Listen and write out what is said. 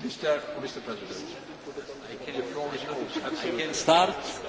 Mr. Mr. President, I can, the floor is yours. I can start.